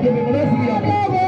que me conocía.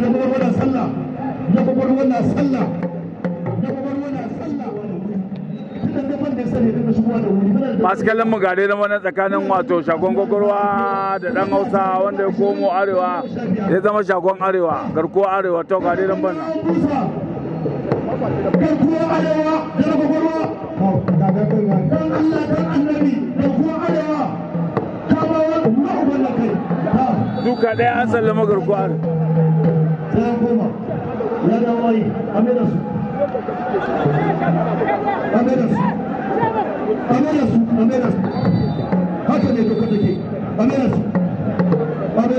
na gwagwarwar sallah na sallah masu kallon mu gare na wani tsakanin wato shagon gwagwarwa da dan hausa wanda ya komo arewa ya zama shagon arewa garko arewa to gare nan bana duka daya an sallama garko arewa ta koma ya dawo yi ame da su ame da su ame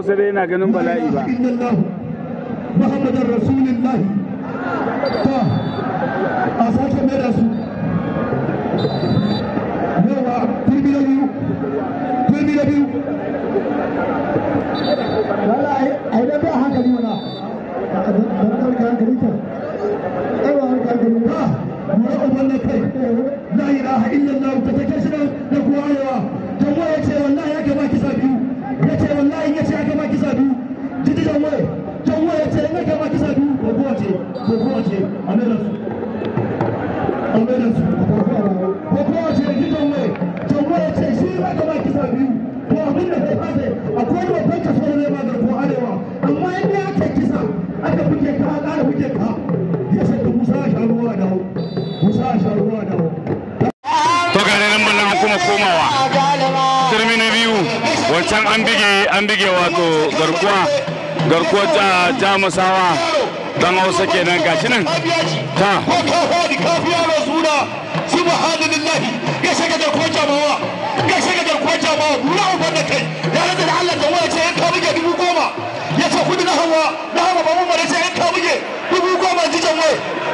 hausa dai na ganin bala'i ba ta a da take shi da kuwa yawa ta ya ce wallahi ya gaba ki can an bige an bige wato garkuwa garkuwa ta ta masawa, dan hausa kenan gashi nan ta subhanallahi ya shiga garkuwa jamawa ya shiga garkuwa jamawa gura uban da kai ya rasa da Allah jama'a ce in ka buge dubu goma ya ce kudi na hawa na hawa babu mare ce in ka buge dubu goma ji jama'a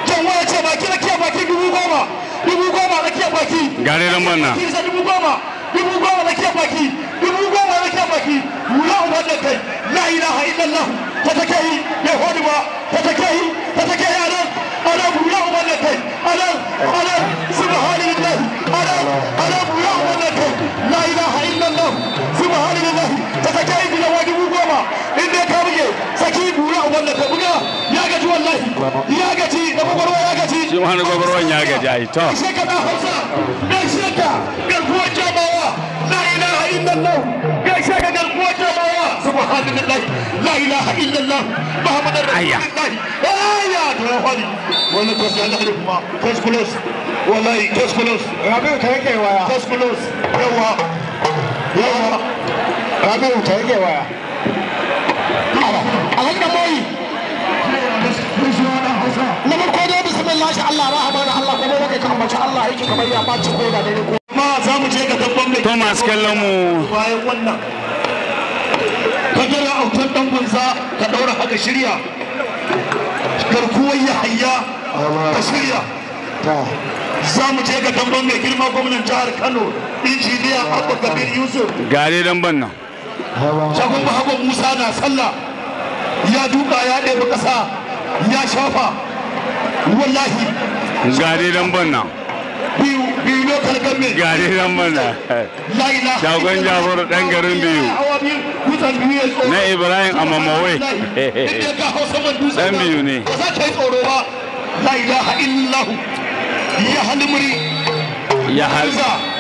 jama'a ce baki na kiya baki dubu goma dubu goma na kiya baki gare ran manna dubu goma dubu goma na kiya baki lahi Allahu mallakai la ilaha illallah ta take yi yahudi ba ta take yi ta take yi anan anan Allahu mallakai anan anan la ilaha illallah subhanallahi ta da wani goma in dai ka buge saki bura wallahi buga ya gaji wallahi ya gaji da gwagwarwa ya gaji shi ma ya gaji ai to shekara hausa dan shekara garkuwar jama'a la ilaha illallah subhanallah la ilaha illallah muhammadar rasulullah ayya to hali wannan to sai Allah kuma close close wallahi close close rabiu ta yake waya close close yawa yawa rabiu ta yake waya alhamdulillah mai na farko dai bismillah sha Allah rahman Allah kuma wake kan mace Allah yake kamar ci ko da dai ko ma za mu je ka dabban mai masu ka jira autar dan gunza ka daura haka shirya garkuwar ya hayya ka shirya za mu je ga damban mai girma gwamnan jihar kano injiniya abba kabir yusuf gare damban nan shagun musa na sallah ya duka ya ɗebi ƙasa ya shafa wallahi gare damban nan gari nan mana shagon jaburu ɗan garin biyu na ibrahim amamawe ɗan biyu ne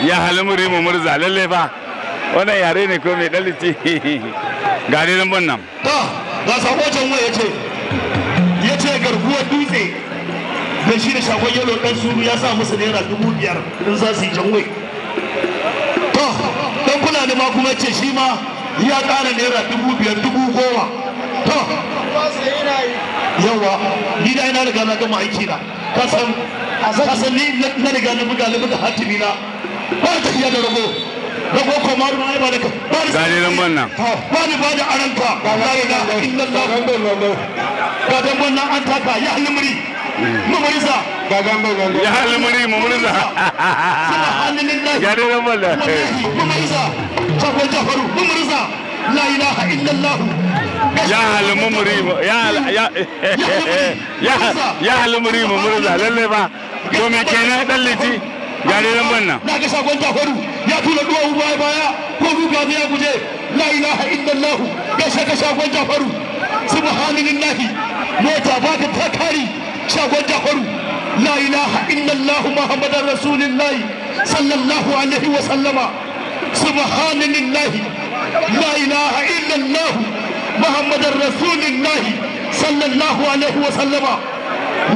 ya halimuri mu murza lalle fa wani yare ne ko mai daliti gari nan ban nan ga sakocin waya ce don shi ne yalo ɗan suru ya sa musu naira dubu biyar idan za su yi to ɗan ma kuma ce shi ma ya ƙara naira dubu biyar dubu goma to yawa ni da ina riga na gama aiki na ka san ka ni na riga na buga na buga hatimi na ba ta iya da rabo rabo ko ma ruwa ba da ka ba da gariran banna ba ni ba da aranka la ilaha illallah ga dan an taka ya mumuriza ya halin muri mumuriza ya dai ran malla mumuriza jafaru ba to kenan dan liti ya dai ran banna na ga shagon jafaru ya tura duwa baya baya ko ruga ya guje la ilaha illallah ya shaka shagon jafaru subhanallahi mota ba ta kari shagon jafaru la ilaha illallah rasulillahi sallallahu alaihi subhanallahi rasulillahi sallallahu alaihi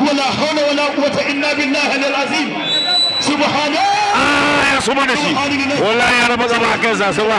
wala hawla wala quwwata illa billahi subhanallahi wallahi ya zama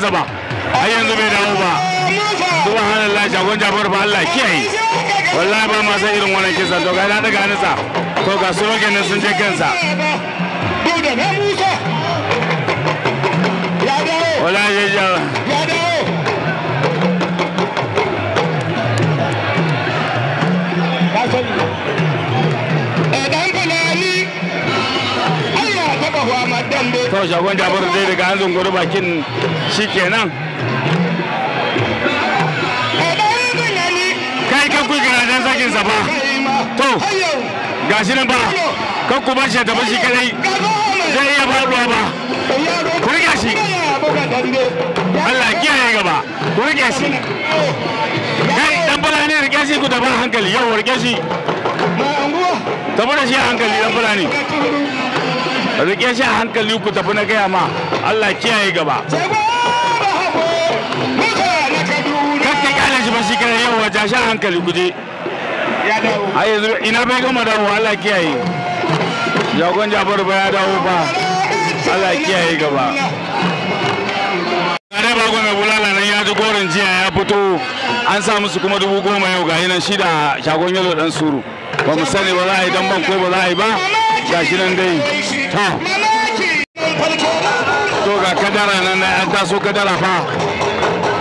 kansa ba a yanzu bai dawo ba subhanallah shagon jafar ba Allah kiyaye wallahi ba ma san irin wannan kisa to ga na daga nisa to ga su rogen sun je kansa wallahi ya kawai shagon jabar zai daga an gudu bakin shi kenan kai kan kuyi garajen sakin sa ba to gashi nan ba kan ku bashi da bashi kadai zai iya faruwa ba ku riƙe shi Allah kiyaye gaba ku riƙe shi kai dan bala ne riƙe shi ku da ban hankali yau riƙe shi tabbata shi hankali dan bala ne rike shi a hankali ku tafi na gaya ma Allah kiyaye gaba kakka kyale shi ba shi kare yau wajen shan hankali je a yanzu ina bai gama dawo Allah kiyaye jagon jabar ba ya dawo ba Allah kiyaye gaba Gare ba mai bulala nan ya ji gorin jiya ya fito an sa musu kuma dubu goma yau ga nan shi da shagon yalo dan suru ba mu sani ba za a yi dan ban ko ba za a yi ba ga shi nan dai to to ga kadara nan an taso kadara fa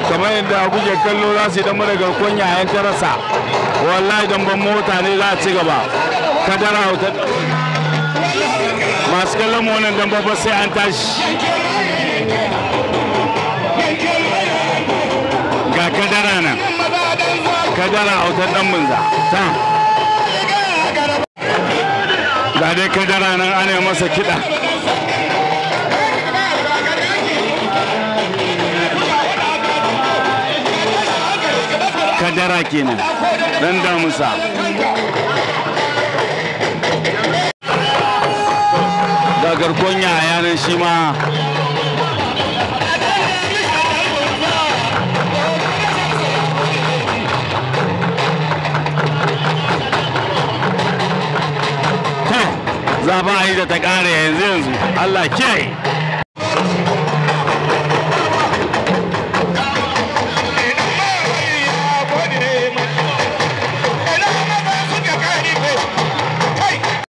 kamar yadda kuke kallo za su yi dan mana garkon yayan tarasa wallahi dan ban mota ne za a ci gaba kadara masu kallon mu wannan dan babba sai an tashi ga kadara nan kadara hotel dan munza ta ga dai kadara nan ana masa kiɗa kadara kenan dan damusa ga garkon yayanan shi ma za ba a yi da ta ƙare yanzu yanzu Allah ke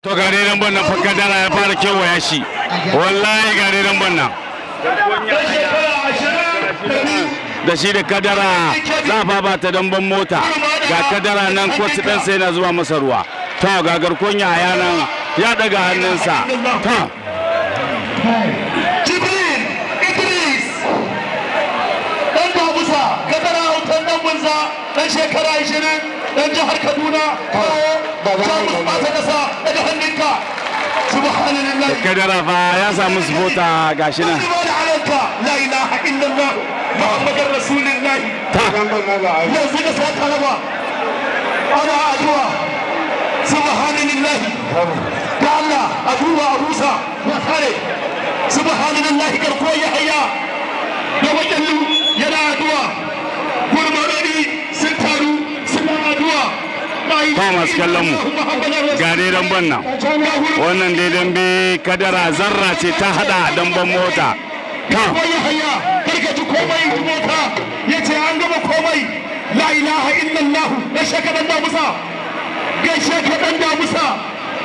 to ga nan bannan fakar dala ya fara ya shi wallahi ga dai nan bannan da shi da kadara za ba ta damban mota ga kadara nan kotu ɗansa yana zuwa masa ruwa to ga garkon yaya nan ya daga hannunsa ta jibril idris dan babusa gadara hautar dan munza dan shekara 20 dan jihar kaduna kawo jamus mata kasa daga hannunka subhanallah kadara fa ya samu sufota gashi nan la ilaha illallah muhammadar rasulullah yanzu da sa talaba ana addu'a subhanallah da Allah a duba a rusa ba tare subhanallah garko ya da yana addu'a sun taru suna addu'a kallon mu gare damban nan wannan dai dambe kadara zarra ce ta hada damban mota ta karkaci komai mota ya ce an gama komai la ilaha illallah da shakadan gaishe kadan damusa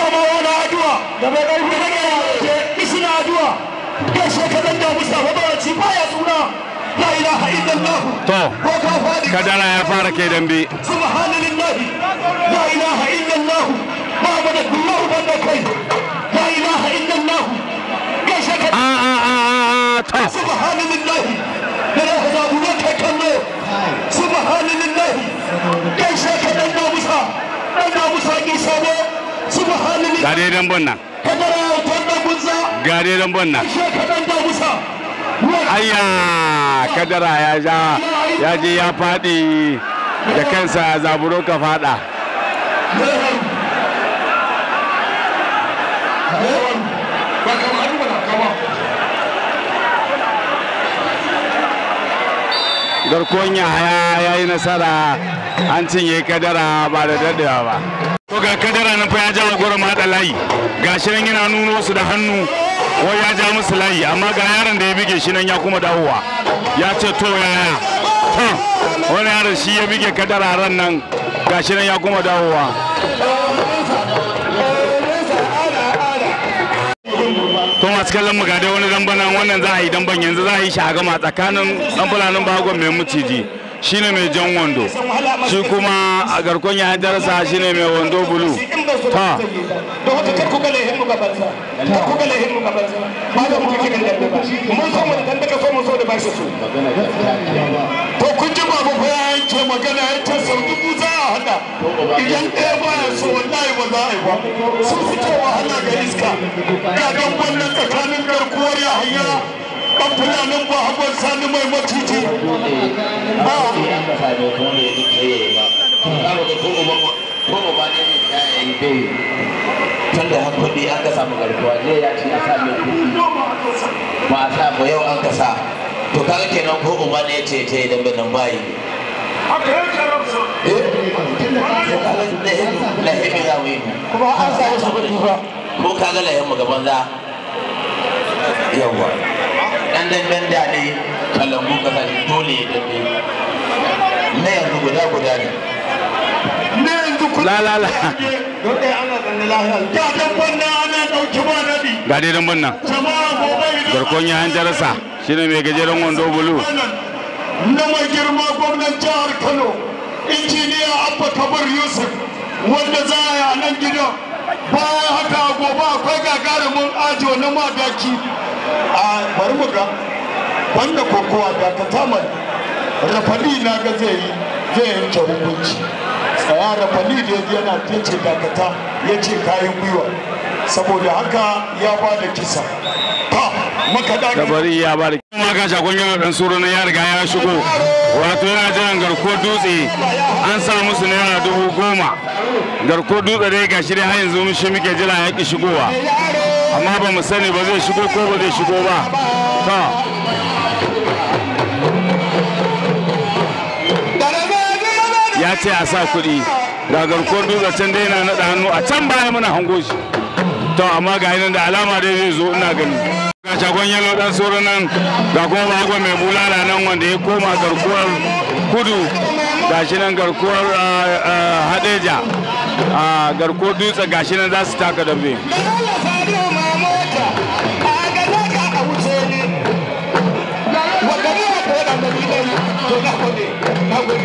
komawa na addu'a da mai ƙarfi na gaya ce isina addu'a gaishe ka dan da Mustafa Baraci baya tsuna la ilaha illallah to kadara ya fara kai dambe subhanallah la ilaha illallah muhammadullah banda kai la ilaha illallah gaishe ka a a a to subhanallah da ya zabu ne kai kallo subhanallah gaishe ka dan da ga dai bonna. nan ga bonna. ayya kadara ya ja ya ya faɗi da kansa zaburo ka faɗa garkon yahaya ya yi nasara an cinye kadara ba da daɗewa ba to ga kadara nan fa ya jawo goro da layi ga shi nan yana nuno su da hannu wai ya ja musu layi amma ga yaron da ya bige shi nan ya kuma dawowa ya ce to yaya to wani yaron shi ya bige kadara ran nan ga shi nan ya kuma dawowa to masu kallon mu ga dai wani damban wannan za a yi damban yanzu za a yi shi a gama tsakanin dan fulanin bagon mai muciji shine mai jan wando shi kuma a garkon ya darasa shine mai wando bulu ta to kun ji babu ko ya yanke magana ya ce sau dubu za a hada idan ɗaya so wallahi ba za a yi ba sun fito wahala ga iska ga wannan tsakanin garkuwar ya hanya babban fulanin ba hagon sani mai maciji ba tun da har kuɗi an ka samu garkuwa ne ya ce a sa mai kuɗi ba a sa ba yau an ka sa to kaga kenan ko uba ne ya ce ta yi dambe nan bayi eh? yi kuma an sa ba ko kaga lahimu gaban za yawwa dan damben da ne kalangu kasa shi dole ya dambe na yanzu guda guda ne na yanzu kula la la don dai ana zanne lahiya da dan banna ana dauki ba nabi ga dai dan banna garkon ya hanjarsa shine mai gajeren wando bulu na mai girma gwamnan jihar Kano injiniya Abba Kabir Yusuf wanda za a yi a nan gidan bayan haka gobe akwai gagarumin ajo na madaki a bari mu ga wanda kokowa ga ta tamar rafali na ga zai yi zai yanke hukunci tsaya rafali da yana ta dakata ya ce kayan gwiwa saboda haka ya ba da kisa ta makaɗa dabari ya ba da kuma ga shagon yawon ɗan tsoro na ya riga ya shigo wato yana jiran garko dutse an sa musu naira dubu goma garko dutse dai gashi dai har yanzu mun shi muke jira ya ki shigowa amma ba mu sani ba zai shigo ko ba zai shigo ba ta ya ce a sa kuɗi ga garkuwar da can dai na naɗa hannu a can baya muna hango shi to amma ga nan da alama dai zai zo ina gani ga shagon yalo dan soro nan ga kuma bago mai bulala nan wanda ya koma garkuwar kudu shi nan garkuwar hadeja garkuwar dutse shi nan za su taka dambe ya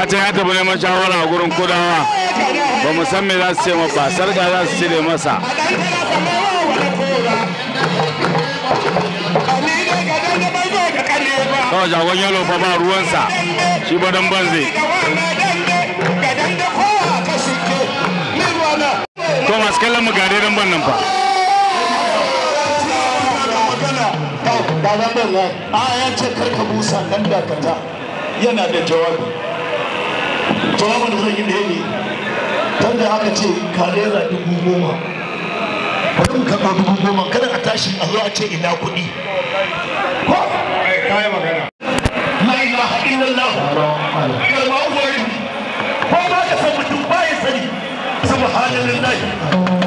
haka ya tafi neman shawara a gurin kudawa ba mu san me za su ce masa sarka za su cire masa kawai jagon yalo fa ba ruwansa shi ba dan banze to masu kallon mu gare dan ban nan fa da zan ban a ya ce karka busa nan dakata yana da jawabi jawabin da zan yi da ne tun da aka ce kare naira dubu goma bari mu karɓa dubu goma kada a tashi a zo a ce ina kuɗi ko kayan magana la ilaha illallah kalma uwari ko ba ka san mutum ba ya sani subhanallahi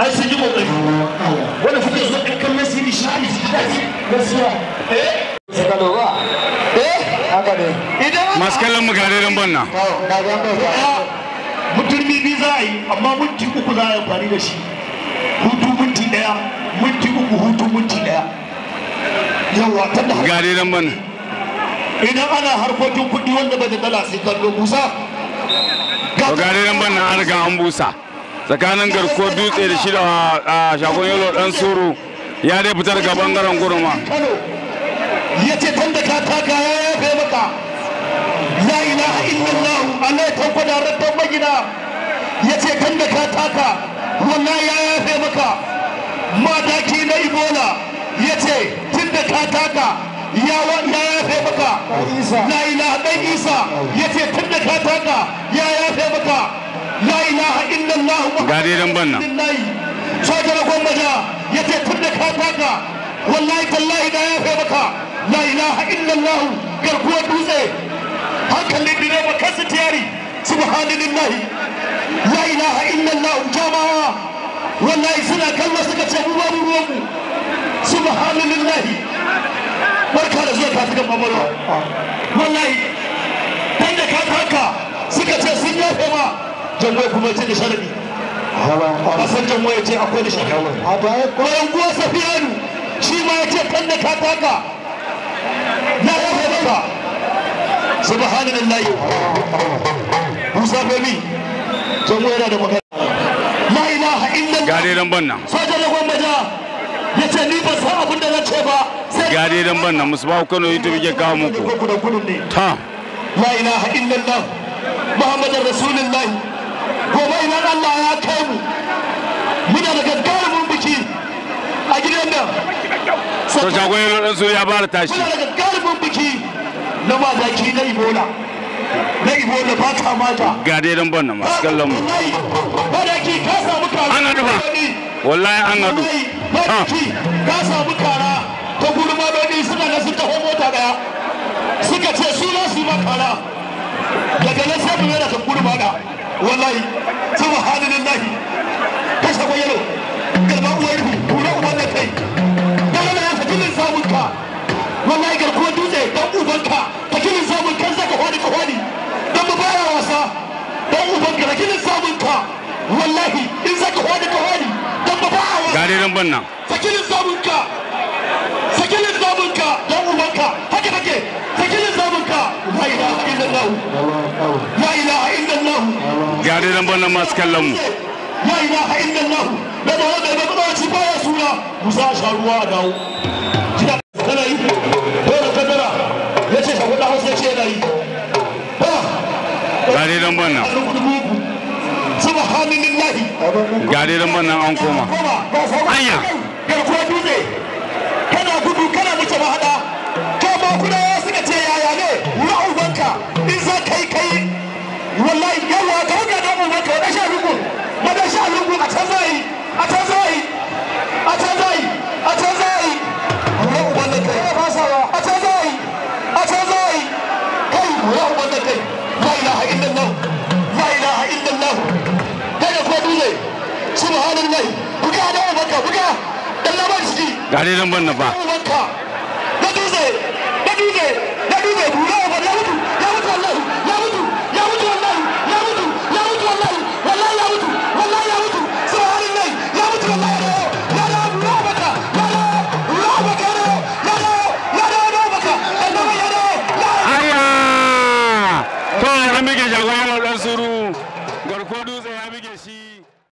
ai sun yi kokari wanda kuke so ɗan kallon su yi nishadi su ji daɗi gaskiya eh saka doba eh haka ne idan masu kallon mu gare don banna mutum biyu za a yi amma minti uku za a yi amfani da shi hutu minti ɗaya minti uku hutu minti ɗaya yawa ta da gare don banna idan ana harkokin kuɗi wanda ba da dala sai kallo busa gare don banna an riga an busa tsakanin garko dutse da shida a shagon yalo dan suru ya dai fitar ga bangaren gurma ya ce tun da ka taka ya yafe maka la ilaha illallah alai ta kwada rattan magina ya ce tun da ka taka wallahi ya yafe maka madaki na ibola ya ce tun da ka taka ya wanda ya yafe maka la ilaha dan isa ya ce tun da ka taka ya yafe maka la ilaha illallah muhammadun rasulullah soja na gwamnati yace tunda ka taka wallahi tallahi da ya fe maka la ilaha illallah garkuwar dutse hankalin kan kansa tiyari subhanallahi la ilaha illallah jama'a wallahi suna kalma suka ce mu babu ruwan mu subhanallahi barka da zuwa kafin mamalwa wallahi dan da ka taka suka ce sun yafe ma jango kuma ce da a san jango ya ce akwai da sharadi bayan kuwa safiyanu shi ma ya ce kan da ka taka ya yafe maka subhanallahi musa baby jango yana da magana la ilaha illallah gare dan banna sojan gwamnati ya ce ni ba san abin da na ce ba gare dan banna musu ba kano youtube ke kawo muku ta la ilaha illallah muhammadar rasulullahi gobe idan Allah ya kai mu muna da gaggarumin biki a gidan nan to jagoyin ɗansu ya fara tashi muna da gaggarumin biki na mazaki na ibola na ibola ba ta mata ga dai dan ban na masu kallon mu ba da ki ka samu kara an haɗu ba wallahi an haɗu ba da ki ka samu kara ta gurmadoni suna da su taho mota daya suka ce su za su yi makara daga nan sai mu yana ta da. wallahi subhanallahi kashe gwayaro garba uwar rufi tura uban da kai dole ya saki min samun ka wallahi garkuwar dutse dan uban ka saki min samun kan zaka hwani ka hwani dan mu baya wasa dan uban ka saki min samun ka wallahi in zaka hwani ka hwani dan mu baya wasa gare ran bannan saki min samun ka saki min samun ka dan uban ka haka take ya dai lambar nan masu kallon mu la ilaha illallah da ba wanda ba kuma shi baya suna musa sharuwa a dawo kina kana yi dole kadara yace sa wanda hausa ga dai lambar nan subhanallah ga an koma anya garkuwa dutse kana gudu kana wuce mahada ga dai lambar na ba